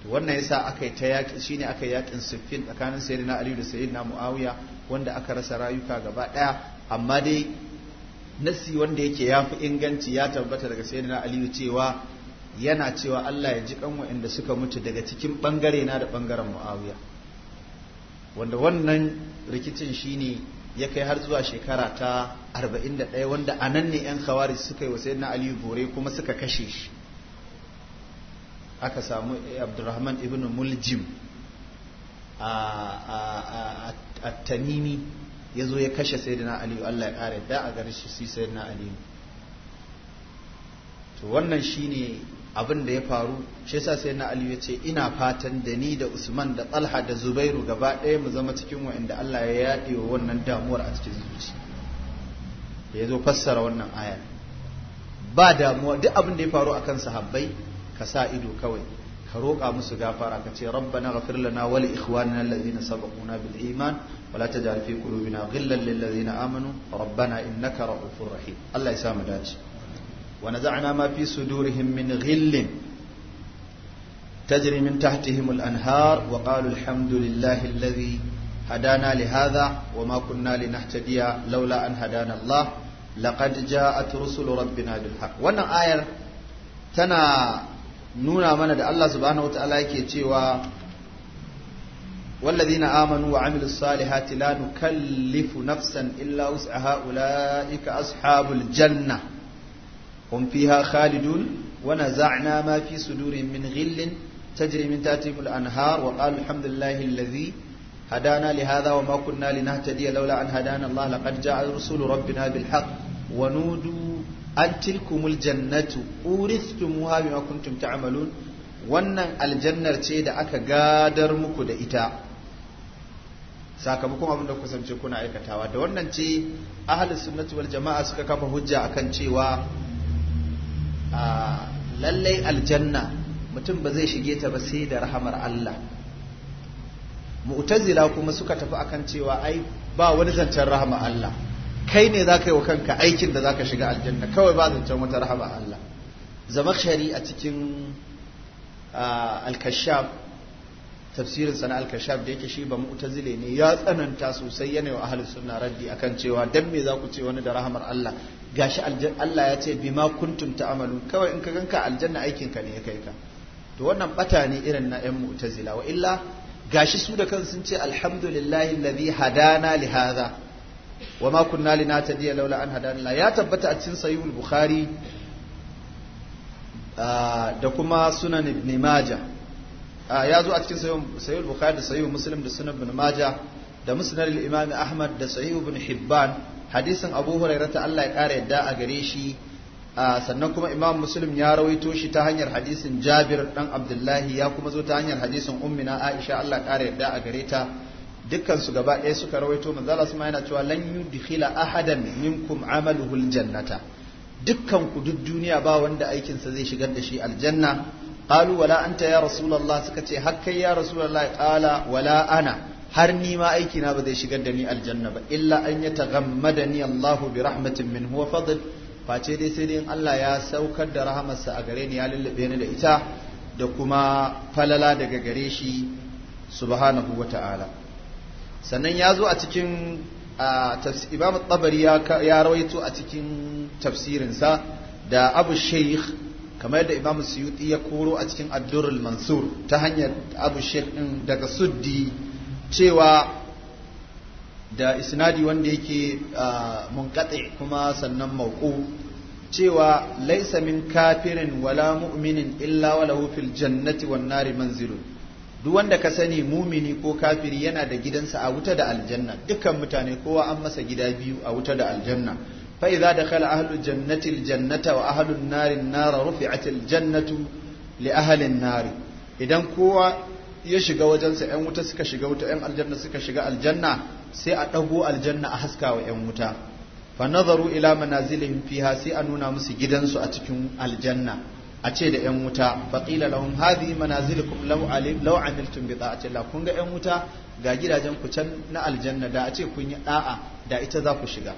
to wannan yasa aka yi ta yaki shine aka yi yakin siffin tsakanin sayyidina Aliyu da sayyidina Muawiya wanda aka rasa rayuka gaba ɗaya amma dai nasi wanda yake fi inganci ya tabbata daga sayyidina Aliyu cewa yana cewa Allah ya ji kan waɗanda suka mutu daga cikin bangare na da bangaren Muawiya wanda wannan rikicin shine ya kai har zuwa shekara ta 41 wanda a nan ne 'yan khawari suka yi wasu na aliyu bore kuma suka kashe shi aka samu abdurrahman ibn muljim a tanimi ya zo ya kashe sayyidina aliyu allah ya kare da a garin shi sayyidina aliyu to wannan shine abin da ya faru shi yasa sai na Ali ya ce ina fatan da ni da Usman da Talha da Zubairu gaba ɗaya mu zama cikin wa'anda Allah ya yaɗe wa wannan damuwar a cikin zuci ya zo fassara wannan aya ba damuwa duk abin da ya faru akan sahabbai ka sa ido kawai ka roƙa musu gafara ka ce rabbana ghafir lana wa li ikhwanina alladhina sabaquna bil iman wa la taj'al fi qulubina ghillan lil ladzina amanu rabbana innaka ra'ufur rahim Allah ya sa mu dace ونزعنا ما في صدورهم من غل تجري من تحتهم الأنهار وقالوا الحمد لله الذي هدانا لهذا وما كنا لنهتدي لولا أن هدانا الله لقد جاءت رسل ربنا بالحق وانا آية تنا نونا من دا الله سبحانه وتعالى يكي والذين آمنوا وعملوا الصالحات لا نكلف نفسا إلا وسعها أولئك أصحاب الجنة hum fiha khalidun wa naza'na ma fi sudurihim min ghillin tajri min tahtihim al-anhar wa qala alhamdulillahi hadana li hadha wa ma kunna linahtadiya lawla an hadana Allah laqad ja'a rusulu rabbina bil haqq wa nudu an tilkumul jannatu uristumuha bima kuntum ta'malun wannan aljannar ce da aka gadar muku da ita sakamakon abin da kusance kuna aikatawa da wannan ce ahalus sunnati wal jama'a suka kafa hujja akan cewa lallai aljanna mutum ba zai shige ta ba sai da rahamar Allah mu'tazila kuma suka tafi akan cewa ai ba wani zancen rahama Allah kai ne za ka yi wa kanka aikin da za ka shiga aljanna kawai ba zancen wata rahama Allah Zama shari a cikin alkashaf tafsirin sana alkashaf da yake shi ba mu'tazile ne ya tsananta sosai yana wa sunna raddi akan cewa dan me za ku ce wani da rahamar Allah gashi Allah ya ce bima kuntum ta'malu kawai in ka ganka aljanna aikin ka ne kai ka to wannan bata ne irin na ƴan mu'tazila wa illa gashi su da kansu sun ce alhamdulillahi alladhi hadana li hadha wa ma kunna linahtadiya laula an hadana ya tabbata a cikin sahih bukhari da kuma sunan ibn majah ya zo a cikin sahih bukhari da sahih muslim da sunan ibn majah da musnad al-imam ahmad da sahih ibn hibban hadisin abu ta Allah ya ƙara yadda a gare shi sannan kuma imam muslim ya rawaito shi ta hanyar hadisin jabir dan abdullahi ya kuma zo ta hanyar hadisin ummina aisha Allah ƙara yadda a gare ta dukkan su gaba ɗaya suka rawaito manzala su yana cewa lan yudkhila ahadan minkum amaluhu aljannata dukkan ku duk duniya ba wanda aikinsa zai shigar da shi aljanna qalu wala anta ya rasulullah suka ce hakkai ya rasulullah qala wala ana har ni ma aiki na ba zai shigar da ni aljanna ba illa an ya tagammada ni Allahu bi rahmatin min huwa fadl face dai sai dai Allah ya saukar da rahamarsa a gare ni ya lullube ni da ita da kuma falala daga gare shi subhanahu wa sannan ya zo a cikin imam tabari ya rawaito a cikin tafsirinsa da abu sheikh kamar da imam suyuti ya koro a cikin addurul mansur ta hanyar abu sheikh din daga suddi cewa da isnadi wanda yake munkatse kuma sannan mauku cewa laisa min kafirin wala mu'minin illa walahu fil jannati wan nari manzilu duk wanda ka sani mumini ko kafiri yana da gidansa a wuta da aljanna dukkan mutane kowa an masa gida biyu a wuta da aljanna fa idza dakhala ahlu jannati aljannata wa ahlu an-nari an-nara rufi'at al-jannatu li ahli an-nari idan kowa ya shiga wajensa ‘yan wuta suka shiga wuta ‘yan aljanna suka shiga aljanna sai a ɗago aljanna a haska wa ‘yan wuta fa nazaru ila manazilihim fiha sai a nuna musu gidansu a cikin aljanna a ce da ‘yan wuta fa qila lahum hadhihi manazilukum law alim law amiltum bi ta'ati la kun ga ‘yan wuta ga gidajen ku can na aljanna da a ce kun yi da'a da ita za ku shiga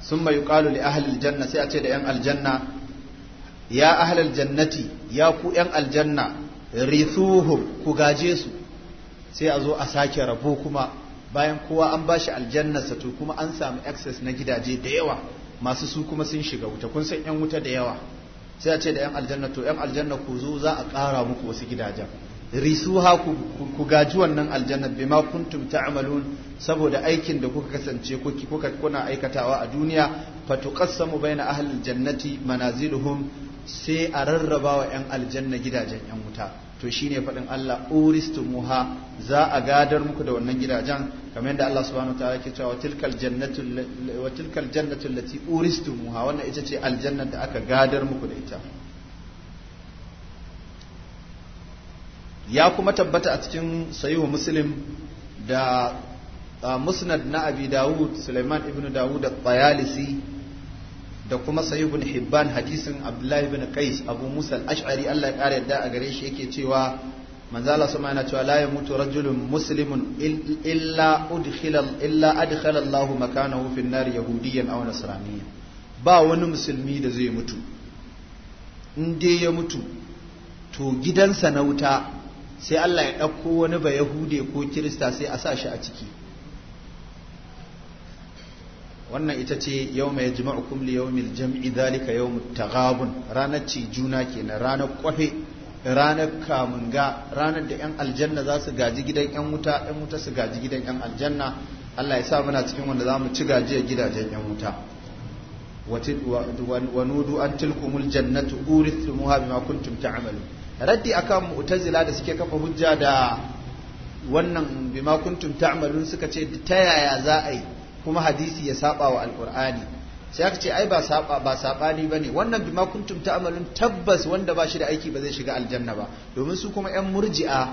summa yuqalu li ahli aljanna sai a ce da ‘yan aljanna ya ahli aljannati ya ku ‘yan aljanna rithuhum ku gaje su sai a zo a sake rabo kuma bayan kowa an bashi aljannarsa to kuma an samu access na gidaje da yawa masu su kuma sun shiga wuta kun san yan wuta da yawa sai a ce da yan aljanna to yan aljanna ku zo za a ƙara muku wasu gidajen risuha ku gaji wannan aljanna ma kuntum ta'malun saboda aikin da kuka kasance kuka kuna aikatawa a duniya fatuqassamu baina ahli aljannati manaziluhum sai a rarrabawa wa yan aljanna gidajen yan wuta to shi ne faɗin Allah uristu muha za a gadar muku da wannan gidajen kamar yadda Allah subhanahu ta'ala ke cewa tilkal jannatu wa tilkal jannatu uristu muha wannan ita ce aljanna da aka gadar muku da ita ya kuma tabbata a cikin sahihu muslim da musnad na abi dawud sulaiman ibnu dawud da bayalisi da kuma sayi bin hibban hadisin abdullahi bin qais abu musa al-ash'ari Allah ya kare yadda a gare shi yake cewa manzo Allah sama yana cewa la yamutu rajulun muslimun illa udkhila illa adkhala Allah makanahu fi an-nar yahudiyyan aw nasraniyyan ba wani musulmi da zai mutu in dai ya mutu to gidansa na wuta sai Allah ya ɗauko wani ba yahude ko kirista sai a sa shi a ciki wannan ita ce yau mai jima'ukum li yawmil jam'i dhalika ta gabun. ranar ci juna kenan ranar kwafe ranar kamunga ranar da yan aljanna za su gaji gidan yan wuta yan wuta su gaji gidan yan aljanna Allah ya sa muna cikin wanda za mu ci gajiyar gidajen yan wuta wa nudu an tilkumul jannatu urithumuha bima kuntum ta'malu raddi akan mu'tazila da suke kafa hujja da wannan bima kuntum ta'malun suka ce ta yaya za a yi kuma hadisi ya saba wa alkur'ani sai aka ce ai ba saba ba sabani bane wannan bima kuntum ta'malun tabbas wanda ba shi da aiki ba zai shiga aljanna ba domin su kuma yan murji'a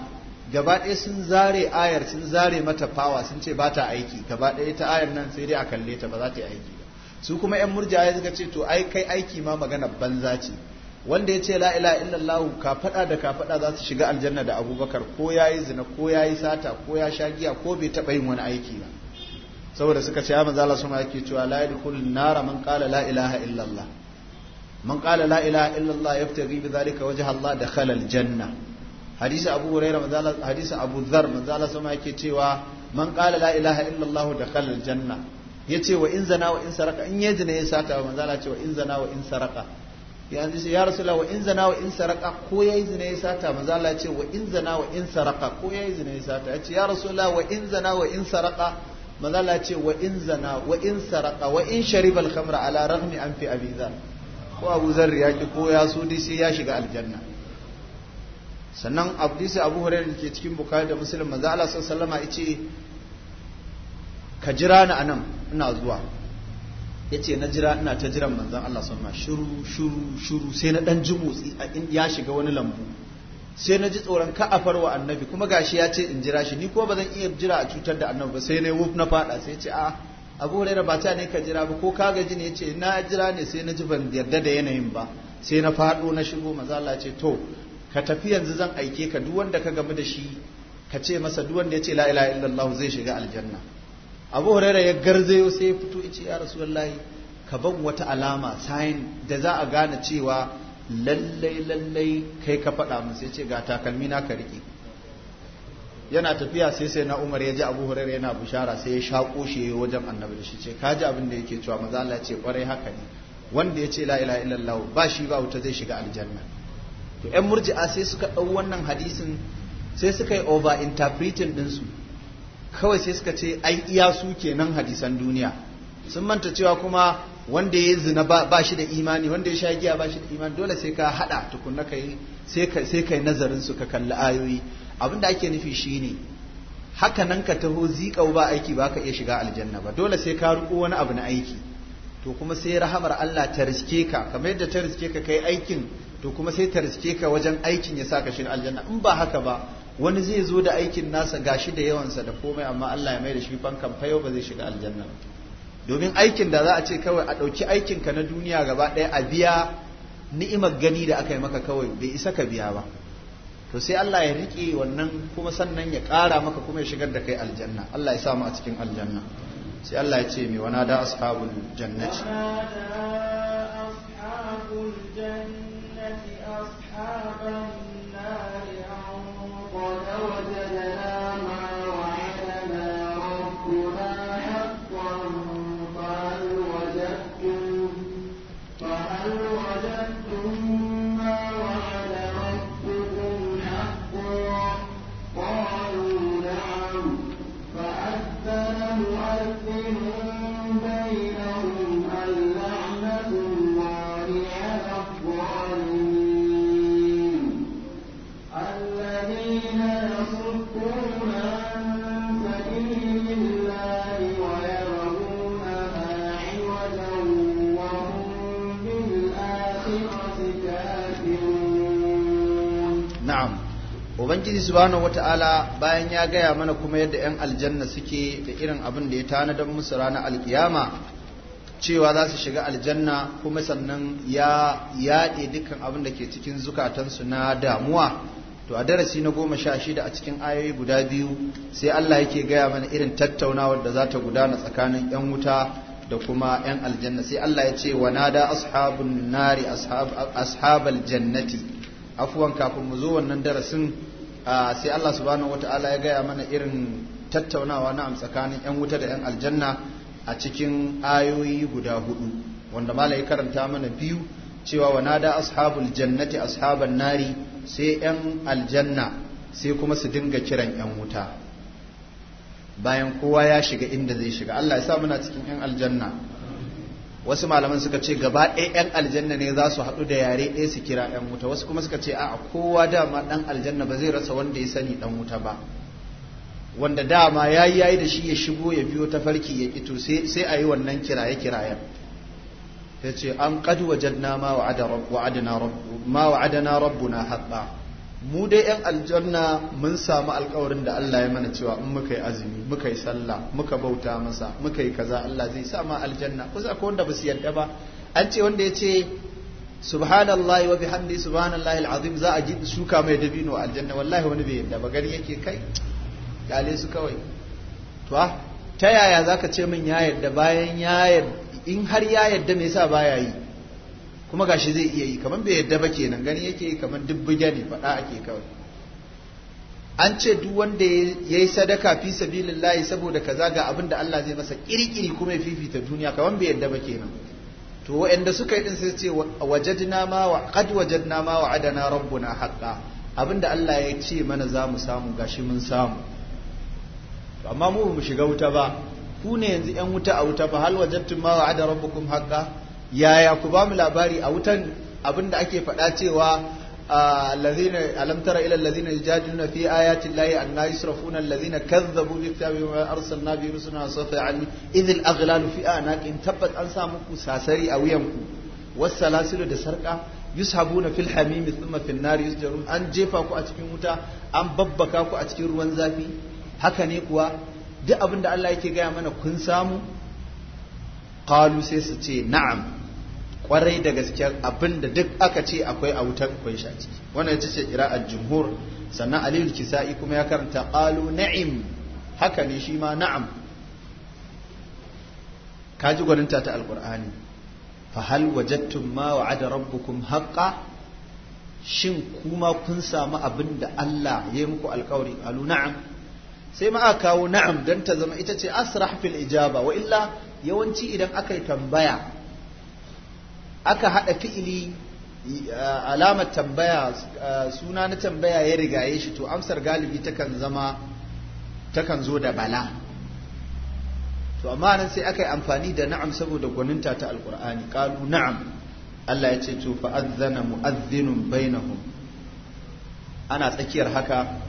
gaba ɗaya sun zare ayar sun zare mata fawa sun ce ba ta aiki gaba ɗaya ta ayar nan sai dai a kalle ta ba za ta yi aiki ba su kuma yan murji'a ya zaka ce to ai kai aiki ma magana banza ce wanda ya ce la ilaha illallah ka faɗa da ka faɗa za su shiga aljanna da abubakar ko ya yi zina ko yayi sata ko ya sha giya ko bai taɓa yin wani aiki ba saboda suka ce ya manzo Allah suma yake cewa la yadkhulun nara man qala la ilaha illa Allah man qala la ilaha illa Allah yaftaghi bi dhalika wajha Allah dakhala al janna hadisi Abu Huraira manzo Allah hadisi Abu Dharr manzo sun ake cewa man qala la ilaha illa Allah dakhala al janna yace wa in zana wa in saraka in yaji ne ya sata manzo Allah ce wa in zana wa in saraka Ya sai ya rasulullah wa in zana wa in saraka ko yayi zina ya sata manzo Allah ce wa in zana wa in saraka ko yayi zina ya sata yace ya rasulullah wa in zana wa in saraka la ce wa in zana wa in saraka wa in sharibal khamra ala rahmi an fi abizar ko abu zarri ya ki ko ya so dai sai ya shiga aljanna sannan abdisi abu hurairah ke cikin bukhari da muslim manzo Allah sallallahu alaihi yace ka jira ni anan ina zuwa yace na jira ina ta jiran manzon Allah sallallahu alaihi shiru shiru shiru sai na dan ji motsi ya shiga wani lambu sai na ji tsoron ka a farwa annabi kuma gashi ya ce in jira shi ni ko ba zan iya jira a cutar da annabi ba sai na wuf na fada sai ce a ah, abu huraira ba ta ne ka jira ba ko ka gaji ne yace na jira ne sai na ji ban yarda da yanayin ba sai na fado na shigo maza Allah ce to ka tafi yanzu zan aike ka duk wanda ka gamu da shi ka ce masa duk wanda yace la ilaha illallah zai shiga aljanna abu huraira ya garzayo sai ya fito yace ya rasulullahi ka ban wata alama sign da za a gane cewa lallai lallai kai ka faɗa min sai ce ga takalmi na ka riƙe yana tafiya sai sai na Umar ya ji Abu Hurairah yana bushara sai ya shako shi wajen Annabi da shi ce ka ji abin da yake cewa maza Allah ce kwarai haka ne wanda ya ce la ilaha illallah ba shi ba wuta zai shiga aljanna to ƴan murji'a sai suka ɗau wannan hadisin sai suka yi over interpreting su kawai sai suka ce ai iya su kenan hadisan duniya sun manta cewa kuma wanda ya zina ba shi da imani wanda ya sha giya ba shi da imani dole sai ka hada tukunna kai sai kai nazarin su ka kalli ayoyi abinda ake nufi shine haka nan ka taho zikau ba aiki ba ka iya shiga aljanna ba dole sai ka riko wani abu na aiki to kuma sai rahamar Allah ta riske ka kamar yadda ta riske ka kai aikin to kuma sai ta riske ka wajen aikin ya saka shiga aljanna in ba haka ba wani zai zo da aikin nasa gashi da yawansa da komai amma Allah ya mai da shi fankan fayo ba zai shiga aljanna ba domin aikin da za a ce kawai a ɗauki aikinka na duniya gaba ɗaya a biya ni'imar gani da aka yi maka kawai bai isa ka biya ba to sai Allah ya riƙe wannan kuma sannan ya ƙara maka kuma ya shigar da kai aljanna Allah ya sa mu a cikin aljanna sai Allah ya ce mai wana da ashabul jannati ubangiji subhanahu ala bayan ya gaya mana kuma yadda 'yan aljanna suke da irin abin da ya tanadar musu ranar alkiyama cewa za su shiga aljanna kuma sannan ya yaɗe dukkan abin da ke cikin zukatansu na damuwa to a darasi na goma sha shida a cikin ayoyi guda biyu sai Allah yake gaya mana irin tattaunawar da za ta gudana tsakanin 'yan wuta da kuma 'yan aljanna sai Allah ya ce wa nada ashabun nari ashabal jannati afuwan kafin mu zo wannan darasin Ah, sai Allah subhanahu wataala ya gaya mana irin tattaunawa na tsakanin yan wuta da yan aljanna a cikin ayoyi guda hudu wanda mala ya karanta mana biyu cewa wana da ashabul jannati ashaban nari sai yan aljanna sai kuma su dinga kiran yan wuta bayan kowa ya shiga inda zai shiga Allah ya sa muna cikin yan aljanna wasu malaman suka ce gaba ɗaya 'yan aljanna ne za su haɗu da yare ɗaya su kira 'yan wuta wasu kuma suka ce a kowa dama ɗan aljanna ba zai rasa wanda ya sani ɗan wuta ba wanda dama ya yi yayi da shi ya shigo ya biyo ta farki ya kito sai a yi wannan kiraye kirayen ya ce an wajen na ma wa'adana rabbuna haqqa mu dai yan aljanna mun samu alkawarin da Allah ya mana cewa in muka yi azumi muka yi sallah muka bauta masa muka yi kaza Allah zai sa ma aljanna kusa ko wanda ba su yarda ba an ce wanda ya ce subhanallahi wa bihamdi subhanallahi alazim za a ji shuka mai dabino aljanna wallahi wani bai yarda ba gari yake kai Gale su kawai to ah, ta yaya zaka ce min ya yarda bayan ya yarda in har ya yarda me yasa baya yi kuma gashi zai iya yi kamar bai yadda ba kenan gani yake kamar duk buga ne faɗa ake kawai an ce duk wanda ya yi sadaka fi sabilillahi saboda ka zaga abinda Allah zai masa kirkiri kuma ya fifita duniya kamar bai yadda ba kenan to waɗanda suka yi din sai ce wajadna ma wa qad wajadna ma wa adana rabbuna haqqan abin da Allah ya ce mana za mu samu gashi mun samu to amma mu ba mu shiga wuta ba ku ne yanzu yan wuta a wuta ba hal wajadtum ma wa ada rabbukum haqqan yaya ku ba mu labari a wutan abinda ake faɗa cewa الذين ألم تر إلى الذين يجادلون في آيات الله أن يصرفون الذين كذبوا بكتابه وما أرسلنا به رسلنا صفا عني إذ الأغلال في أعناقهم تبت أنسى مكو ساسري أو يمكو والسلاسل دسرقة يسحبون في الحميم ثم في النار يسجرون أن جيفا كو أتكي موتا أن ببكا كو أتكي روان زافي haka ne kuwa duk abin da Allah yake gaya mana kun samu qalu sai su ce na'am kwarai da gaske abin da duk aka ce akwai a wutar akwai shi a ciki wannan ita ce jumhur sannan aliyu kisa'i kuma ya karanta qalu na'im haka ne shi ma na'am kaji gwaninta ta alqur'ani fa hal wajadtum ma wa'ada rabbukum haqqan shin kuma kun samu abin da Allah ya muku alkawari qalu na'am sai ma aka kawo na'am dan ta zama ita ce asrah fil ijaba wa illa yawanci idan aka tambaya aka haɗa fi'ili alamar tambaya suna na tambaya ya rigaye shi to amsar galibi takan zama takan zo da bala to amma nan sai aka yi amfani da na'am saboda gwaninta ta alkur'ani kalu na'am Allah ya ce to azzana mu'azzinun bainahum ana tsakiyar haka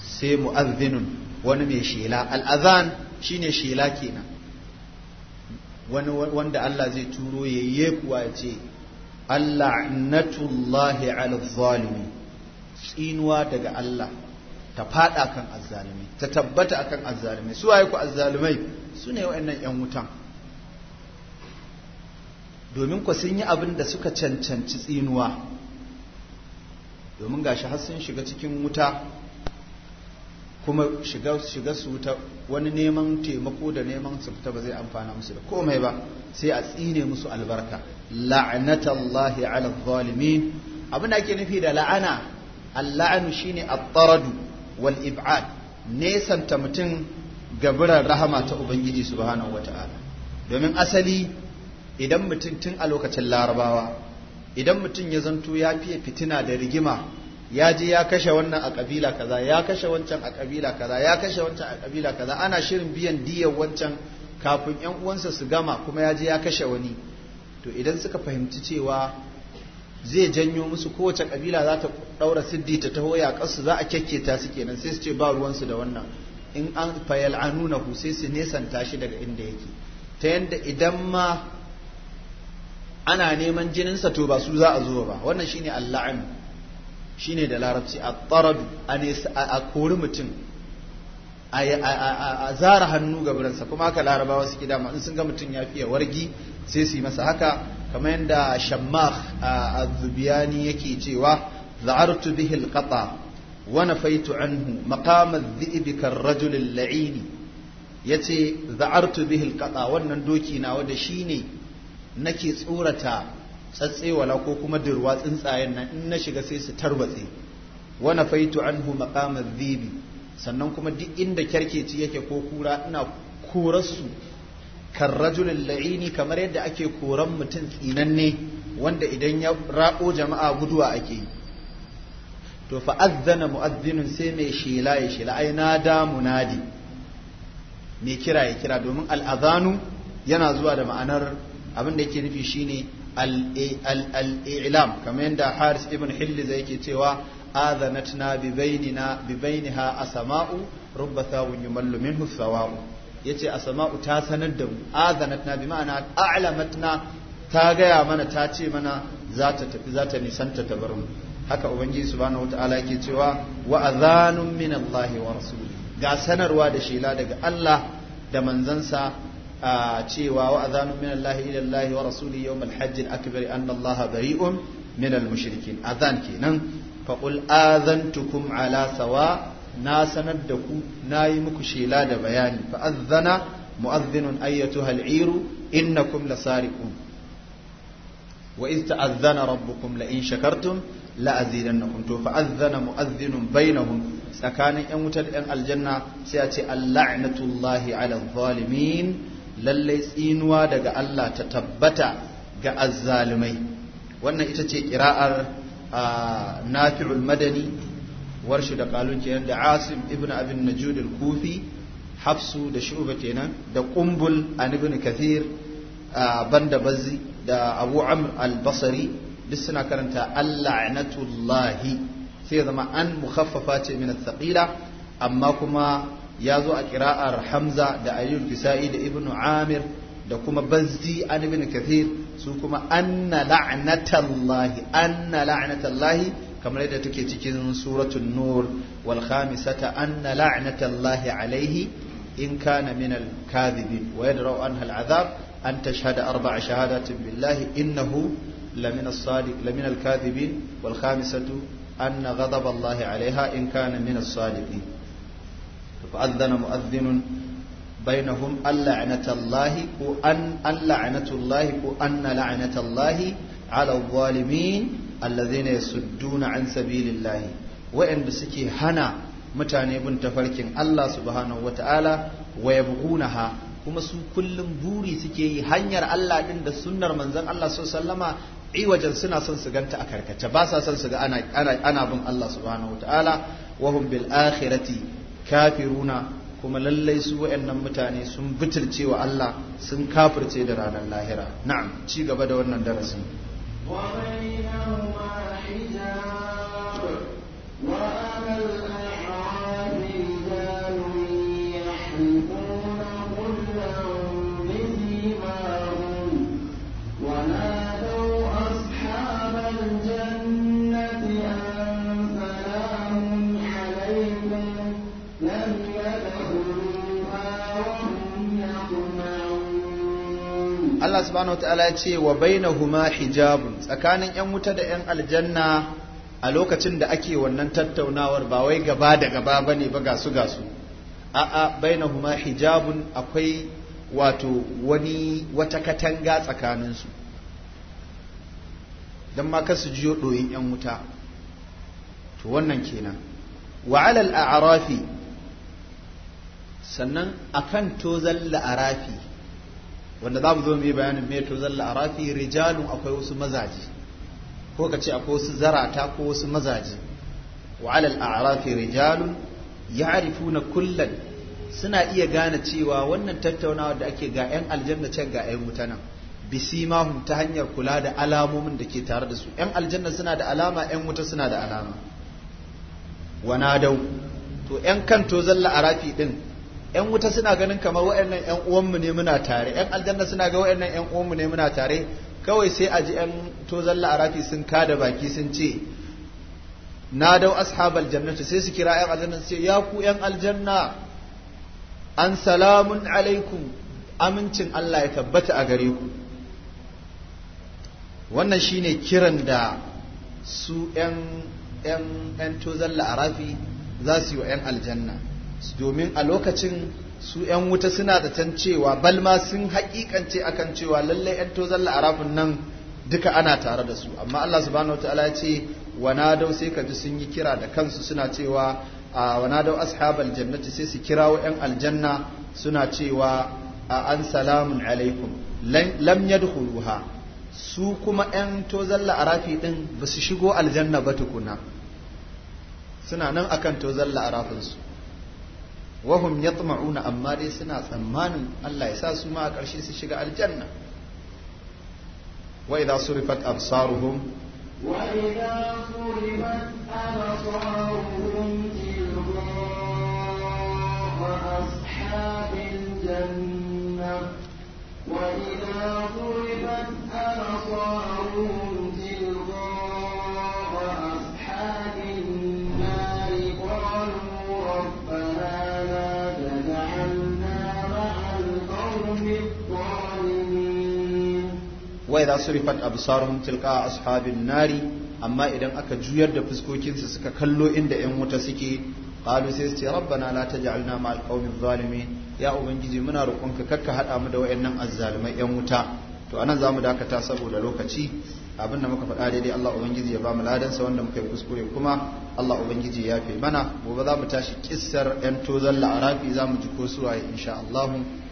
sai mu'azzinun wani mai shela al'azan shine shela kenan wani wanda Allah zai turo ya yi kuwa ya ce Allahnatullahi al zalimi tsinuwa daga Allah ta fada kan azzalimi ta tabbata a kan azzalimi su waye ku azzalimai su ne wa'annan yan wutan domin ku sun yi abin da suka cancanci tsinuwa domin gashi har sun shiga cikin wuta kuma shiga shiga su ta wani neman taimako da neman su ba zai amfana musu da komai ba sai a tsine musu albarka la'natallahi ala zalimin abin da ake nufi da la'ana al-la'anu shine at-taradu wal ib'ad ta mutum gaburar rahama ta ubangiji subhanahu wata'ala domin asali idan mutum tun a lokacin larabawa idan mutum ya zanto ya fiye fitina da rigima ya je ya kashe wannan a kabila kaza ya kashe wancan a kabila kaza ya kashe wancan a kabila kaza ana shirin biyan diyar wancan kafin yan uwansa su gama kuma ya je ya kashe wani to idan suka fahimci cewa zai janyo musu kowace kabila za ta daura siddi ta taho ya kasu za a kyakketa su kenan sai su ce ba ruwansu da wannan in an fayal ku sai su nesanta shi daga inda yake ta yanda idan ma ana neman jininsa to ba su za a zo ba wannan shine alla'anu shine da larabci a tsarabi a kori mutum a zara hannu ga biransa kuma haka larabawa suke dama in sun ga mutum ya fiye wargi sai su yi masa haka kamar yadda shammah a zubiyani yake cewa za'artu bihi al-qata wa nafaitu anhu maqam adh-dhi'bi kar-rajul laini yace za'artu bihi qata wannan doki na wanda shine nake tsorata tsatsewala ko kuma dirwa tsuntsayen nan in na shiga sai su tarwatse wa faitu anhu maqama dhibi sannan kuma duk inda kyarkeci yake ko kura ina korar su kan rajulin la'ini kamar yadda ake koran mutum tsinanne wanda idan ya rabo jama'a guduwa ake yi to fa azzana mu'azzinun sai mai shela ya shela ai da munadi mai kira ya kira domin al'azanu yana zuwa da ma'anar abin da yake nufi shine al-i'lam kamar yadda Haris ibn Hilliza ke cewa azanatna bi bainina bi bainaha asma'u rubba thawun yumallu minhu ce yace asma'u ta sanar da mu azanatna bi ma'ana a'lamatna ta gaya mana ta ce mana za ta tafi za ta nisanta ta bar mu haka ubangiji subhanahu wataala yake cewa wa azanun min Allah wa rasuli ga sanarwa da shela daga Allah da manzansa cewa wa azanun min Allah ila Allah wa rasuli yawm al-hajj al-akbar anna Allah bari'un min al-mushrikin azan kenan fa qul azantukum ala sawa na sanar da ku nayi muku shela da bayani fa azana mu'adhdhinun ayyatuha al-iru innakum lasariqun wa iz ta'adhana rabbukum la in shakartum la azidannakum to fa azana mu'adhdhinun bainahum tsakanin yan wutar yan aljanna sai a ce alla'natullahi ala zalimin lallai tsinuwa daga Allah ta tabbata ga azzalumai wannan ita ce kira'ar nafi'ul madani warshi da kenan da asim ibn abin najud kufi hafsu da shu'ba kenan da qumbul an ibn kathir banda bazzi da abu amr al-basri duk suna karanta Allah lanatullahi sai zama an mukhaffafa ce min thaqila amma kuma ya zo a kira'ar hamza da ayyul bisa'i da ibnu amir da kuma bazzi an ibn kathir su kuma anna la'natallahi anna la'natallahi kamar yadda take cikin suratul nur wal khamisata anna la'natallahi alayhi in kana min al kadhibin wa yadra'u anha al azab an tashhada arba'a shahadatin billahi innahu لمن الصادق لمن الكاذبين والخامسة أن غضب الله عليها إن كان من الصادقين فأذن مؤذن بينهم اللعنة الله وأن اللعنة الله وأن لعنة الله على الظالمين الذين يسدون عن سبيل الله وإن بسكي هنا mutane bin tafarkin Allah subhanahu wa ta'ala wa yabghunaha kuma su kullum buri suke yi hanyar Allah ɗin da sunnar manzon Allah sallama iwajen suna son su ganta a karkace ba sa son su ga ana bin Allah subhanahu wa ta'ala wa bil akhirati kafiruna kuma lallai su wayannan mutane sun bitirce wa Allah sun kafirce da ranar lahira na'am ci gaba da wannan darasin
wa bainahuma hijab
subhanahu wataala ce wa bainahuma hijabun tsakanin yan wuta da yan aljanna a lokacin da ake wannan tattaunawar ba wai gaba da gaba bane ba gasu gasu a'a bainahuma hijabun akwai wato wani wata katanga tsakaninsu don ma kasu jiyo doyin 'yan wuta to wannan kenan wa alal a'rafi sannan akan zalla la'arafi wanda za mu zo mu yi bayanin me to zalla arafi rijalun akwai wasu mazaji ko ka ce akwai wasu zarata ko wasu mazaji wa alal a'rafi rijalun ya'rifuna kullan suna iya gane cewa wannan tattaunawa da ake ga 'yan aljanna can ga 'yan wuta nan bisimahum ta hanyar kula da alamomin da ke tare da su 'yan aljanna suna da alama 'yan wuta suna da alama nadau to 'yan kanto zalla arafi din yan wuta suna ganin kamar wa'annan yan uwanmu ne muna tare yan aljanna suna ga wa'annan yan uwanmu ne muna tare kawai sai a ji yan tozan la'arafi sun kada baki sun ce na dau ashabal jannatu sai su kira yan aljanna sai ya ku yan aljanna an salamun alaikum amincin Allah ya tabbata a gare ku wannan shine kiran da su yan yan tozan la'arafi za su yi wa yan aljanna domin a lokacin su 'yan wuta suna da can cewa balma sun haƙiƙance akan cewa lallai 'yan tozon la'arafin nan duka ana tare da su amma Allah subhanahu Ta'ala ya ce wana wanadau sai ka ji sun yi kira da kansu suna cewa a wana dau ashabal jannati sai su kirawo 'yan aljanna suna cewa a an salamun alaikum lam yadkhuluha su kuma 'yan tozon la'arafi din ba su shigo aljanna ba tukuna suna nan akan tozon la'arafinsu وهم يطمعون أما ليسنا ثمان الله يساس ما كرشي سشقة الجنة وإذا صرفت أبصارهم
وإذا صرفت أبصارهم تلقاء أصحاب الجنة وإذا صرفت أبصارهم
wa idza surifat absaruhum tilqa ashabin nari amma idan aka juyar da fuskokinsu suka kallo inda yan wuta suke qalu sai su ce rabbana la taj'alna ma'al qaumiz zalimin ya ubangiji muna roƙonka ka hada mu da wayannan azzalumai yan wuta to anan zamu dakata saboda lokaci abin da muka faɗa daidai Allah ubangiji ya bamu ladansa wanda muka yi kuskure kuma Allah ubangiji ya fi mana gobe za mu tashi kissar yan tozon la'arafi za mu ji ko suwaye insha allahu.